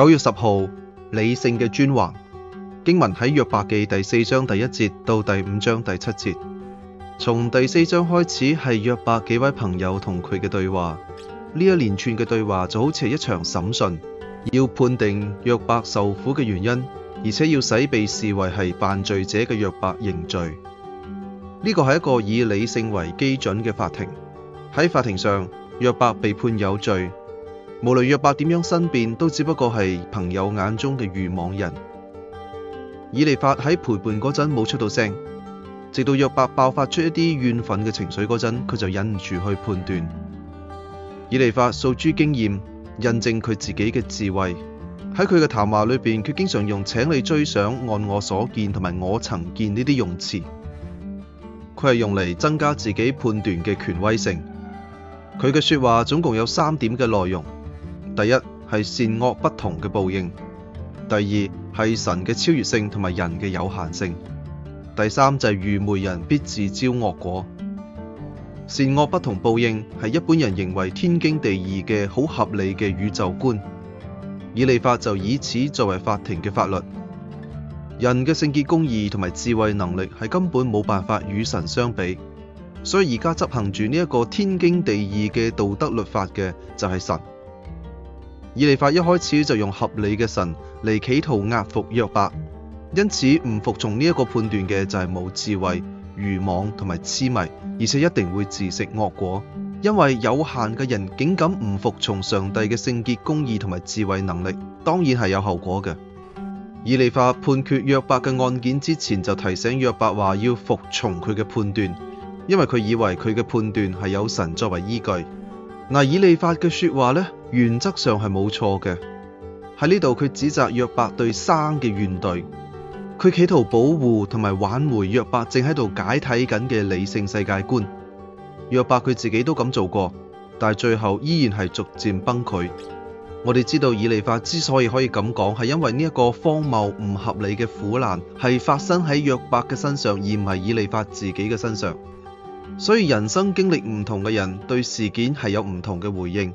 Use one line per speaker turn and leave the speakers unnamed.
九月十號，理性嘅專橫。經文喺約伯記第四章第一節到第五章第七節，從第四章開始係約伯幾位朋友同佢嘅對話，呢一連串嘅對話就好似係一場審訊，要判定約伯受苦嘅原因，而且要使被視為係犯罪者嘅約伯認罪。呢個係一個以理性為基準嘅法庭。喺法庭上，約伯被判有罪。無論約伯點樣申辯，都只不過係朋友眼中嘅愚妄人。以利法喺陪伴嗰陣冇出到聲，直到約伯爆發出一啲怨憤嘅情緒嗰陣，佢就忍唔住去判斷。以利法訴諸經驗，印證佢自己嘅智慧。喺佢嘅談話裏邊，佢經常用“請你追想，按我所見同埋我曾見”呢啲用詞，佢係用嚟增加自己判斷嘅權威性。佢嘅說話總共有三點嘅內容。第一係善惡不同嘅報應，第二係神嘅超越性同埋人嘅有限性，第三就係、是、愚昧人必自招惡果。善惡不同報應係一般人認為天經地義嘅好合理嘅宇宙觀，以利法就以此作為法庭嘅法律。人嘅聖潔公義同埋智慧能力係根本冇辦法與神相比，所以而家執行住呢一個天經地義嘅道德律法嘅就係神。以利法一開始就用合理嘅神嚟企圖壓服約伯，因此唔服從呢一個判斷嘅就係冇智慧、愚妄同埋痴迷，而且一定會自食惡果，因為有限嘅人竟敢唔服從上帝嘅聖潔公義同埋智慧能力，當然係有後果嘅。以利法判決約伯嘅案件之前就提醒約伯話要服從佢嘅判斷，因為佢以為佢嘅判斷係有神作為依據。嗱，以利法嘅說話呢，原則上係冇錯嘅。喺呢度，佢指責約伯對生嘅怨懟，佢企圖保護同埋挽回約伯正喺度解體緊嘅理性世界觀。約伯佢自己都咁做過，但係最後依然係逐漸崩潰。我哋知道以利法之所以可以咁講，係因為呢一個荒謬唔合理嘅苦難係發生喺約伯嘅身上，而唔係以利法自己嘅身上。所以人生經歷唔同嘅人對事件係有唔同嘅回應。